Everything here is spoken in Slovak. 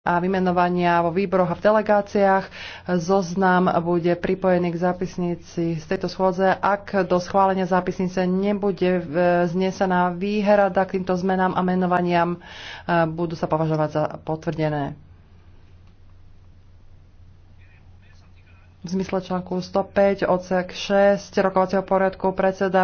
a vymenovania vo výboroch a v delegáciách. Zoznam bude pripojený k zápisnici z tejto schôdze. Ak do schválenia zápisnice nebude e, znesená výhrada k týmto zmenám a menovaniam, e, budú sa považovať za potvrdené. V zmysle článku 105 odsek 6 rokovacieho poriadku predseda